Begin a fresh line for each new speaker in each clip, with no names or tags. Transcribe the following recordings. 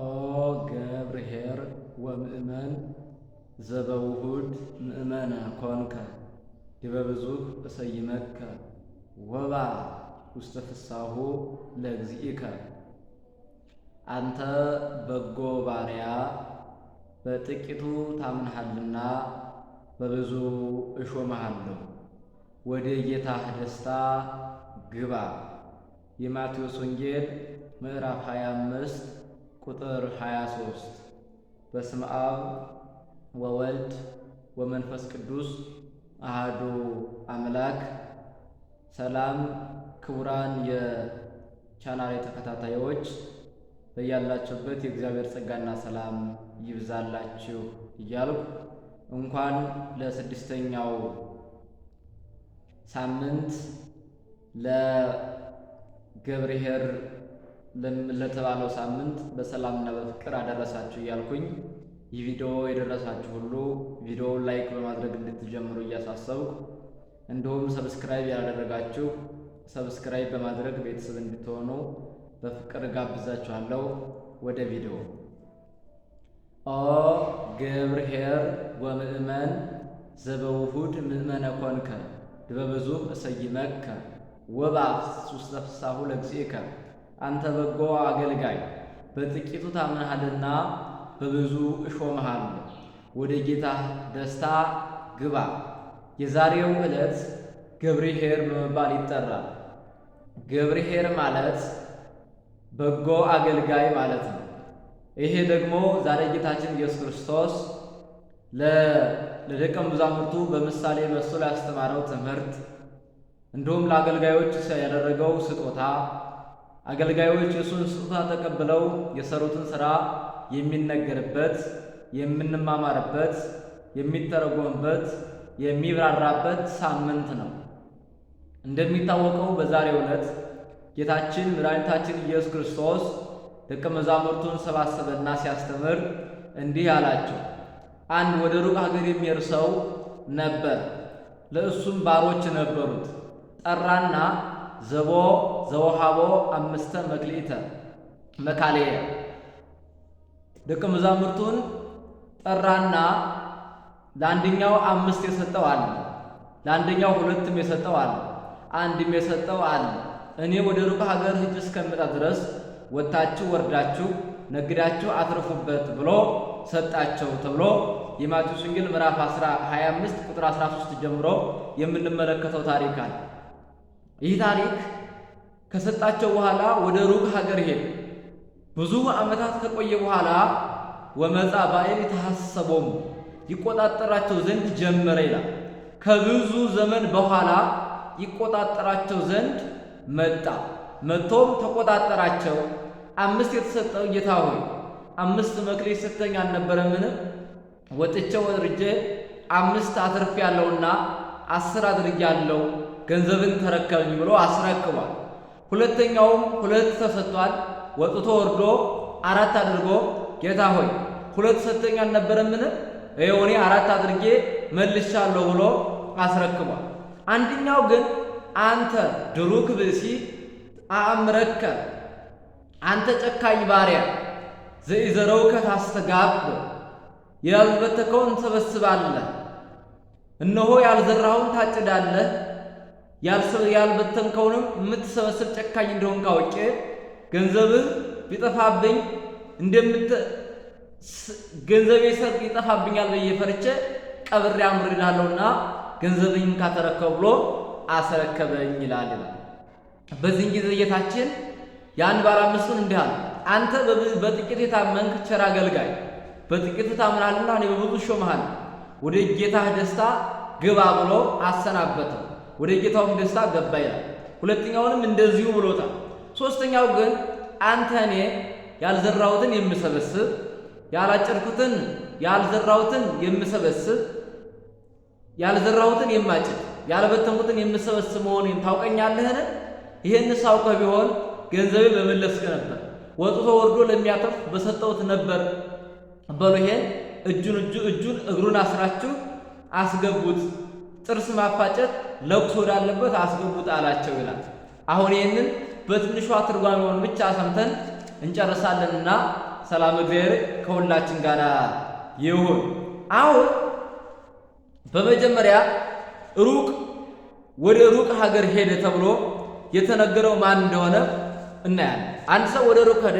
ኦ ገብርኄር ወምእመን ዘበውሁድ ምእመነ ኮንከ ዲበ እሰይመከ ወባ ውስተ ፍሳሁ ለእግዚእከ አንተ በጎ ባሪያ በጥቂቱ ታምንሃልና በብዙ እሾመሃለሁ። ወደ ጌታህ ደስታ ግባ። የማቴዎስ ወንጌል ምዕራፍ 25 ቁጥር 23 በስመ አብ ወወልድ ወመንፈስ ቅዱስ አህዱ አምላክ። ሰላም ክቡራን የቻናሌ ተከታታዮች በያላችሁበት የእግዚአብሔር ጸጋና ሰላም ይብዛላችሁ እያልኩ እንኳን ለስድስተኛው ሳምንት ለገብርሄር ለተባለው ሳምንት በሰላምና በፍቅር አደረሳችሁ እያልኩኝ ይህ ቪዲዮ የደረሳችሁ ሁሉ ቪዲዮውን ላይክ በማድረግ እንድትጀምሩ እያሳሰብኩ እንዲሁም ሰብስክራይብ ያላደረጋችሁ ሰብስክራይብ በማድረግ ቤተሰብ እንድትሆኑ በፍቅር ጋብዛችኋለሁ። ወደ ቪዲዮ ኦ ግብር ኄር ወምእመን ዘበውሁድ ምእመነ ኮንከ ድበብዙ እሰይመከ ወባ ሱስተፍሳሁ ለግዜከ አንተ በጎ አገልጋይ በጥቂቱ ታምናሃልና በብዙ እሾምሃል። ወደ ጌታ ደስታ ግባ። የዛሬው ዕለት ገብርሄር በመባል ይጠራል። ገብርሄር ማለት በጎ አገልጋይ ማለት ነው። ይሄ ደግሞ ዛሬ ጌታችን ኢየሱስ ክርስቶስ ለደቀ መዛሙርቱ በምሳሌ መስሎ ያስተማረው ትምህርት እንዲሁም ለአገልጋዮች ያደረገው ስጦታ አገልጋዮች የእሱን ስጦታ ተቀብለው የሰሩትን ሥራ የሚነገርበት፣ የምንማማርበት፣ የሚተረጎምበት፣ የሚብራራበት ሳምንት ነው። እንደሚታወቀው በዛሬ ዕለት ጌታችን መድኃኒታችን ኢየሱስ ክርስቶስ ደቀ መዛሙርቱን ሰባሰበና ሲያስተምር እንዲህ አላቸው። አንድ ወደ ሩቅ ሀገር የሚሄድ ሰው ነበር። ለእሱም ባሮች ነበሩት። ጠራና ዘቦ ዘወሃቦ አምስተ መክሊተ መካልየ ደቀ መዛሙርቱን ጠራና ለአንደኛው አምስት የሰጠው አለ፣ ለአንደኛው ሁለትም የሰጠው አለ፣ አንድም የሰጠው አለ። እኔ ወደ ሩቅ ሀገር ሂጅ እስከምመጣ ድረስ ወጥታችሁ ወርዳችሁ ነግዳችሁ አትርፉበት ብሎ ሰጣቸው ተብሎ የማቴዎስ ወንጌል ምዕራፍ 25 ቁጥር 13 ጀምሮ የምንመለከተው ታሪክ አለ። ይህ ታሪክ ከሰጣቸው በኋላ ወደ ሩቅ ሀገር ሄደ። ብዙ ዓመታት ከቆየ በኋላ ወመጻ ባዕል ተሐሰቦሙ ይቆጣጠራቸው ዘንድ ጀመረ ይላል። ከብዙ ዘመን በኋላ ይቆጣጠራቸው ዘንድ መጣ። መጥቶም ተቆጣጠራቸው። አምስት የተሰጠው ጌታ ሆይ አምስት መክሊት ሰጥተኸኝ አልነበረምን? ወጥቼ ወርጄ አምስት አትርፍ ያለውና አስር አለው? ገንዘብን ተረከብኝ ብሎ አስረክቧል። ሁለተኛውም ሁለት ተሰጥቷል። ወጥቶ ወርዶ አራት አድርጎ ጌታ ሆይ ሁለት ሰጥተኛ አልነበረምን? ምን እኔ አራት አድርጌ መልሻለሁ ብሎ አስረክቧል። አንደኛው ግን አንተ ድሩክ ብእሲ አእምረከ አንተ ጨካኝ ባሪያ ዘኢዘረውከ ታስተጋብ ያልበተከውን ትሰበስባለህ፣ እነሆ ያልዘራሁን ታጭዳለህ ያልበተንከውንም የምትሰበስብ ጨካኝ እንደሆን ካውቄ ገንዘብህ ቢጠፋብኝ እንደምት ገንዘቤ ሰርቅ ይጠፋብኛል ብዬ ፈርቼ ቀብሬ አምርላለሁና ገንዘብኝን ካተረከው ብሎ አስረከበኝ ይላል ይላል። በዚህን ጊዜ ጌታችን የአንድ ባለ አምስቱን እንዲህ አለ፣ አንተ በጥቂት የታመንክ ቸር አገልጋይ በጥቂት ታምናልና እኔ በብዙ ሾመሃል፣ ወደ ጌታህ ደስታ ግባ ብሎ አሰናበተው። ወደ ጌታውም ደስታ ገባ ይላል። ሁለተኛውንም እንደዚሁ ብሎታል። ሶስተኛው ግን አንተ እኔ ያልዘራሁትን የምሰበስብ ያላጨርኩትን ያልዘራሁትን የምሰበስብ ያልዘራሁትን የማጭድ ያልበተንኩትን የምሰበስብ መሆኔን ታውቀኛለህን? ይህን ሳውቀ ቢሆን ገንዘቤ በመለስከ ነበር፣ ወጥቶ ወርዶ ለሚያተርፍ በሰጠሁት ነበር። በሉ ይሄን እጁን እጁን እግሩን አስራችሁ አስገቡት። ጥርስ ማፋጨት ለቅሶ ወዳለበት አስገቡት አላቸው ይላል። አሁን ይህንን በትንሿ ትርጓሜውን ብቻ ሰምተን እንጨርሳለንና ሰላም እግዚአብሔር ከሁላችን ጋር ይሁን። አሁን በመጀመሪያ ሩቅ ወደ ሩቅ ሀገር ሄደ ተብሎ የተነገረው ማን እንደሆነ እናያለን። አንድ ሰው ወደ ሩቅ ሄደ፣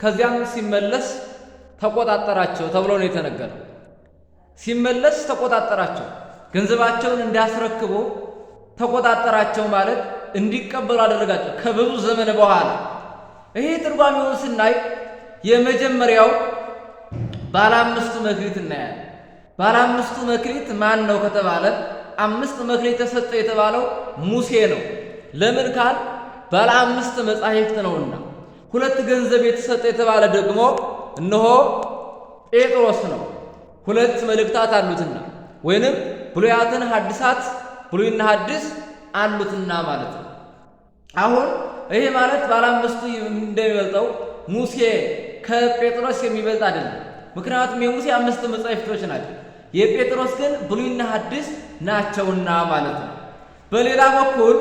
ከዚያም ሲመለስ ተቆጣጠራቸው ተብሎ ነው የተነገረው። ሲመለስ ተቆጣጠራቸው ገንዘባቸውን እንዲያስረክቡ ተቆጣጠራቸው ማለት እንዲቀበሉ አደረጋቸው ከብዙ ዘመን በኋላ። ይሄ ትርጓሜውን ስናይ የመጀመሪያው ባለ አምስቱ መክሊት እናያለን። ባለ አምስቱ መክሊት ማን ነው ከተባለ አምስት መክሊት ተሰጠ የተባለው ሙሴ ነው። ለምን ካል ባለ አምስት መጻሕፍት ነውና። ሁለት ገንዘብ የተሰጠ የተባለ ደግሞ እነሆ ጴጥሮስ ነው። ሁለት መልእክታት አሉትና ወይንም ብሉያትን ሐዲሳት ብሉይና ሐዲስ አሉትና ማለት ነው። አሁን ይሄ ማለት ባለ አምስቱ እንደሚበልጠው ሙሴ ከጴጥሮስ የሚበልጥ አይደለም። ምክንያቱም የሙሴ አምስት መጻሕፍቶች ናቸው፣ የጴጥሮስ ግን ብሉይና ሐዲስ ናቸውና ማለት ነው። በሌላ በኩል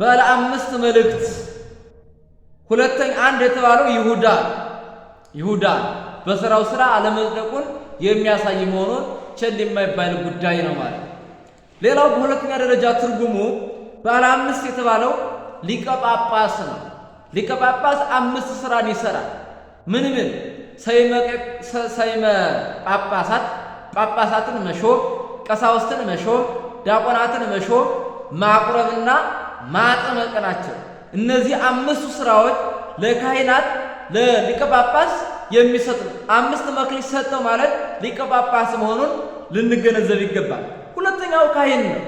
ባለ አምስት መልእክት ሁለተኛ አንድ የተባለው ይሁዳ ይሁዳ በስራው ስራ አለመጽደቁን የሚያሳይ መሆኑን ቸል የማይባል ጉዳይ ነው ማለት። ሌላው በሁለተኛ ደረጃ ትርጉሙ ባለ አምስት የተባለው ሊቀ ጳጳስ ነው። ሊቀ ጳጳስ አምስት ስራን ይሰራል። ምን ምን? ሰይመ ጳጳሳት ጳጳሳትን መሾም፣ ቀሳውስትን መሾም፣ ዲያቆናትን መሾም፣ ማቁረብና ማጠመቅ ናቸው። እነዚህ አምስቱ ስራዎች ለካህናት ለሊቀ ጳጳስ የሚሰጥ ነው። አምስት መክሊት ሰጠው ማለት ሊቀ ጳጳስ መሆኑን ልንገነዘብ ይገባል። ሁለተኛው ካህን ነው።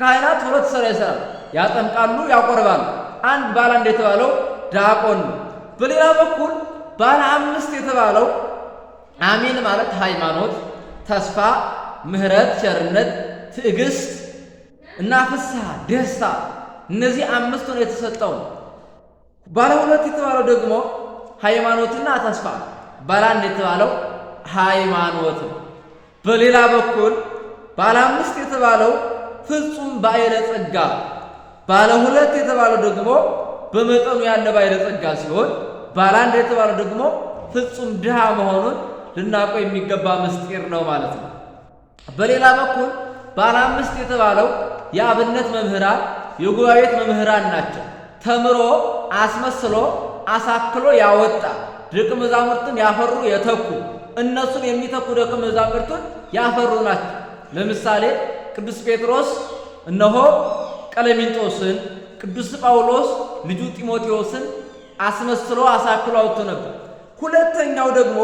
ካህናት ሁለት ስራ ይሰራሉ፣ ያጠምቃሉ፣ ያቆርባሉ። አንድ ባለ አንድ የተባለው ዲያቆን ነው። በሌላ በኩል ባለ አምስት የተባለው አሚን ማለት ሃይማኖት፣ ተስፋ፣ ምህረት፣ ቸርነት፣ ትዕግስት እና ፍስሐ ደስታ፣ እነዚህ አምስቱ ነው የተሰጠው። ባለ ሁለት የተባለው ደግሞ ሃይማኖትና ተስፋ ባላንድ የተባለው ሃይማኖት ነው። በሌላ በኩል ባለ አምስት የተባለው ፍጹም ባይለ ጸጋ፣ ባለ ሁለት የተባለው ደግሞ በመጠኑ ያለ ባይለ ጸጋ ሲሆን ባለ አንድ የተባለው ደግሞ ፍጹም ድሃ መሆኑን ልናውቀው የሚገባ ምስጢር ነው ማለት ነው። በሌላ በኩል ባለ አምስት የተባለው የአብነት መምህራን የጉባኤት መምህራን ናቸው። ተምሮ አስመስሎ አሳክሎ ያወጣ ደቀ መዛሙርትን ያፈሩ የተኩ እነሱን የሚተኩ ደቀ መዛሙርቱን ያፈሩ ናቸው። ለምሳሌ ቅዱስ ጴጥሮስ እነሆ ቀለሚንጦስን፣ ቅዱስ ጳውሎስ ልጁ ጢሞቴዎስን አስመስሎ አሳክሎ አውጥቶ ነበር። ሁለተኛው ደግሞ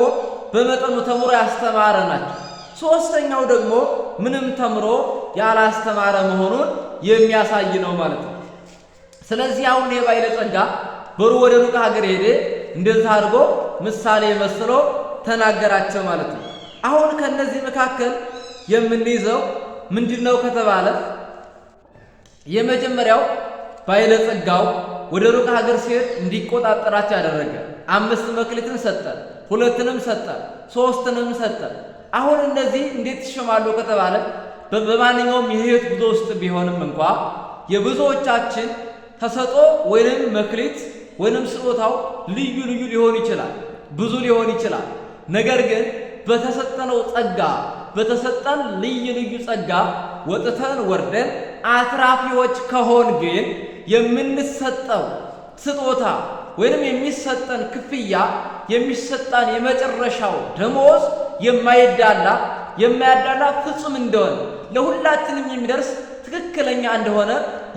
በመጠኑ ተምሮ ያስተማረ ናቸው። ሶስተኛው ደግሞ ምንም ተምሮ ያላስተማረ መሆኑን የሚያሳይ ነው ማለት ነው። ስለዚህ አሁን የባይለ ጸጋ በሩ ወደ ሩቅ ሀገር ሄደ። እንደዛ አድርጎ ምሳሌ መስሎ ተናገራቸው ማለት ነው። አሁን ከነዚህ መካከል የምንይዘው ምንድነው ከተባለ የመጀመሪያው ጸጋው ወደ ሩቅ ሀገር ሲሄድ እንዲቆጣጠራቸው ያደረገ አምስት መክሊትን ሰጠ፣ ሁለትንም ሰጠ፣ ሶስትንም ሰጠ። አሁን እነዚህ እንዴት ይሾማሉ ከተባለ በማንኛውም የህይወት ጉዞ ውስጥ ቢሆንም እንኳ የብዙዎቻችን ተሰጦ ወይንም መክሊት ወይንም ስጦታው ልዩ ልዩ ሊሆን ይችላል፣ ብዙ ሊሆን ይችላል። ነገር ግን በተሰጠነው ጸጋ በተሰጠን ልዩ ልዩ ጸጋ ወጥተን ወርደን አትራፊዎች ከሆን ግን የምንሰጠው ስጦታ ወይንም የሚሰጠን ክፍያ የሚሰጣን የመጨረሻው ደሞዝ የማይዳላ የማያዳላ ፍጹም እንደሆነ ለሁላችንም የሚደርስ ትክክለኛ እንደሆነ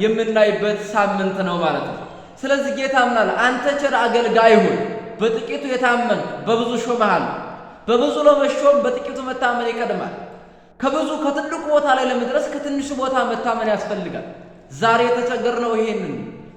የምናይበት ሳምንት ነው ማለት ነው። ስለዚህ ጌታ ምናል አንተ ቸር አገልጋይ ሁን፣ በጥቂቱ የታመን በብዙ ሾመሃል። በብዙ ለመሾም በጥቂቱ መታመን ይቀድማል። ከብዙ ከትልቁ ቦታ ላይ ለመድረስ ከትንሹ ቦታ መታመን ያስፈልጋል። ዛሬ የተቸገርነው ይሄንን።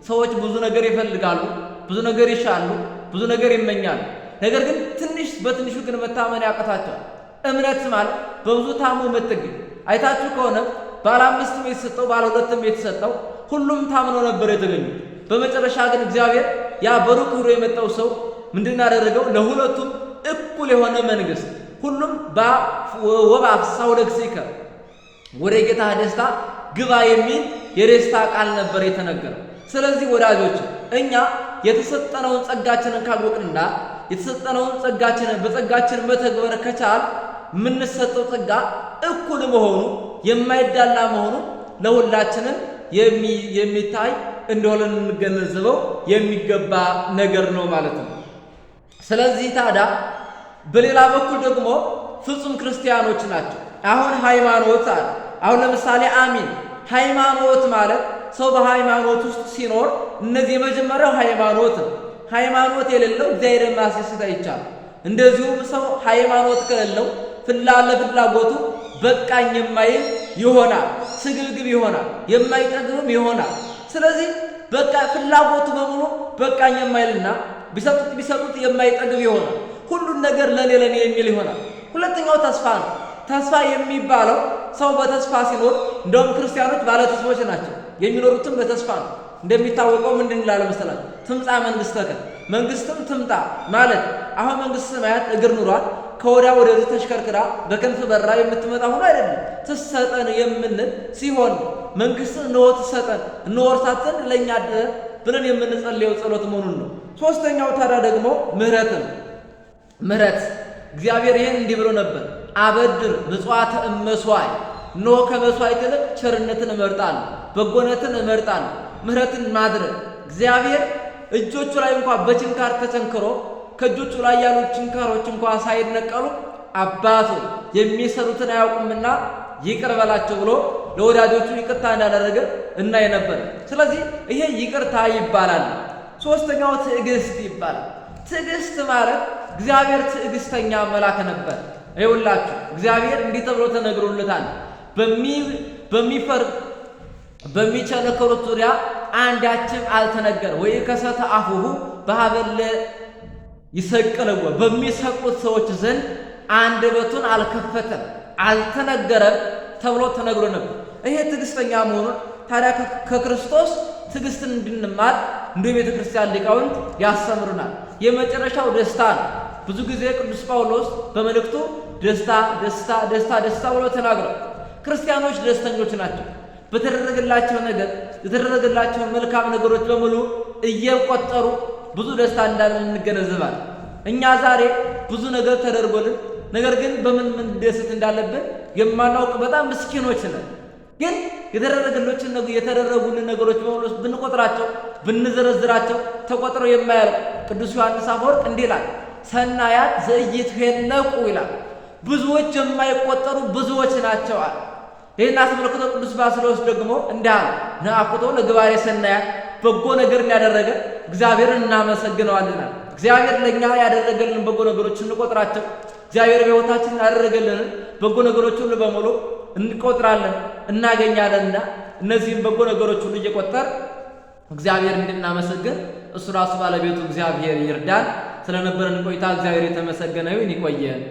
ሰዎች ብዙ ነገር ይፈልጋሉ፣ ብዙ ነገር ይሻሉ፣ ብዙ ነገር ይመኛሉ። ነገር ግን ትንሽ በትንሹ ግን መታመን ያቀታቸዋል። እምነት ማለት በብዙ ታሞ መጠገኝ። አይታችሁ ከሆነ ባለ አምስትም የተሰጠው ባለ ሁለትም የተሰጠው ሁሉም ታምኖ ነበር የተገኙት። በመጨረሻ ግን እግዚአብሔር ያ በሩቅ ሆኖ የመጣው ሰው ምንድን ያደረገው? ለሁለቱም እኩል የሆነ መንግስት፣ ሁሉም ወበአፍስሳ ለክስከ ወደ ጌታ ደስታ ግባ የሚል የደስታ ቃል ነበር የተነገረው። ስለዚህ ወዳጆች እኛ የተሰጠነውን ጸጋችንን ካወቅንና የተሰጠነውን ጸጋችንን በጸጋችን መተግበር ከቻል የምንሰጠው ጸጋ እኩል መሆኑ የማይዳላ መሆኑ ለሁላችንም የሚታይ እንደሆነ ልንገነዘበው የሚገባ ነገር ነው ማለት ነው። ስለዚህ ታዲያ በሌላ በኩል ደግሞ ፍጹም ክርስቲያኖች ናቸው። አሁን ሃይማኖት አለ። አሁን ለምሳሌ አሚን ሃይማኖት ማለት ሰው በሃይማኖት ውስጥ ሲኖር እነዚህ የመጀመሪያው ሃይማኖት ነው። ሃይማኖት የሌለው እግዚአብሔርን ማስደሰት አይቻልም። እንደዚሁም ሰው ሃይማኖት ከሌለው ፍላ ለፍላጎቱ በቃኝ የማይል ይሆናል፣ ስግብግብ ይሆናል፣ የማይጠግብም ይሆናል። ስለዚህ በቃ ፍላጎቱ በሙሉ በቃኝ የማይልና ቢሰጡት ቢሰጡት የማይጠግብ ይሆናል። ሁሉን ነገር ለኔ ለኔ የሚል ይሆናል። ሁለተኛው ተስፋ ነው። ተስፋ የሚባለው ሰው በተስፋ ሲኖር፣ እንደውም ክርስቲያኖች ተስፋዎች ናቸው። የሚኖሩትም በተስፋ ነው። እንደሚታወቀው ምንድን ላለ መሰላችሁ? ትምጣ መንግሥትከ መንግስትም ትምጣ ማለት አሁን መንግስት ሰማያት እግር ኑሯል ከወዲያ ወደዚህ ተሽከርክራ በክንፍ በራ የምትመጣ ሆኖ አይደለም። ትሰጠን የምንል ሲሆን መንግስትን እንሆ ትሰጠን እንወርሳትን ለእኛ ደ ብለን የምንጸልየው ጸሎት መሆኑን ነው። ሶስተኛው ታዲያ ደግሞ ምህረት ምህረት እግዚአብሔር ይህን እንዲህ ብሎ ነበር፣ አበድር ምጽዋተ እመሥዋዕ እንሆ ከመሥዋዕት ይልቅ ቸርነትን እመርጣለሁ፣ በጎነትን እመርጣለሁ። ምህረትን ማድረግ እግዚአብሔር እጆቹ ላይ እንኳ በችንካር ተቸንክሮ ከእጆቹ ላይ ያሉ ችንካሮች እንኳ ሳይነቀሉ አባቱ የሚሰሩትን አያውቁምና ይቅር በላቸው ብሎ ለወዳጆቹ ይቅርታ እንዳደረገ እናይ ነበር። ስለዚህ ይሄ ይቅርታ ይባላል። ሶስተኛው ትዕግስት ይባላል። ትዕግስት ማለት እግዚአብሔር ትዕግስተኛ መልአክ ነበር። ይውላችሁ እግዚአብሔር እንዲህ ተብሎ ተነግሮለታል። በሚፈር በሚቸነከሩት ዙሪያ አንዳችም አልተነገረ ወይ ከሰተ አፉሁ በሀበለ ይሰቅልዎ በሚሰቅሉት ሰዎች ዘንድ አንደበቱን አልከፈተም አልተነገረም ተብሎ ተነግሮ ነበር። ይሄ ትዕግስተኛ መሆኑን ታዲያ ከክርስቶስ ትዕግስትን እንድንማር እንደ ቤተ ክርስቲያን ሊቃውንት ያስተምሩናል። የመጨረሻው ደስታ ነው። ብዙ ጊዜ ቅዱስ ጳውሎስ በመልእክቱ ደስታ ደስታ ደስታ ደስታ ብሎ ተናግሯል። ክርስቲያኖች ደስተኞች ናቸው። በተደረገላቸው ነገር የተደረገላቸውን መልካም ነገሮች በሙሉ እየቆጠሩ ብዙ ደስታ እንዳለን እንገነዘባለን። እኛ ዛሬ ብዙ ነገር ተደርጎልን፣ ነገር ግን በምን ምን ደስት እንዳለብን የማናውቅ በጣም ምስኪኖች ነን። ግን የተደረገሎችን የተደረጉልን ነገሮች በሙሉ ብንቆጥራቸው ብንዘረዝራቸው ተቆጥረው የማያልቅ ቅዱስ ዮሐንስ አፈወርቅ እንዲህ ይላል፣ ሰናያት ሄነቁ ይላል። ብዙዎች የማይቆጠሩ ብዙዎች ናቸው አለ። ይህን አስመልክቶ ቅዱስ ባስልዮስ ደግሞ እንዲህ አለ። ነአኩቶ ለግባሬ ሰናያት፣ በጎ ነገርን ያደረገ እግዚአብሔርን እናመሰግነዋልና። እግዚአብሔር ለእኛ ያደረገልን በጎ ነገሮች እንቆጥራቸው። እግዚአብሔር በሕይወታችን ያደረገልን በጎ ነገሮች ሁሉ በሙሉ እንቆጥራለን እናገኛለንና፣ እነዚህም በጎ ነገሮች ሁሉ እየቆጠር እግዚአብሔር እንድናመሰግን እሱ ራሱ ባለቤቱ እግዚአብሔር ይርዳን። ስለነበረን ቆይታ እግዚአብሔር የተመሰገነ ይሁን። ይቆየን።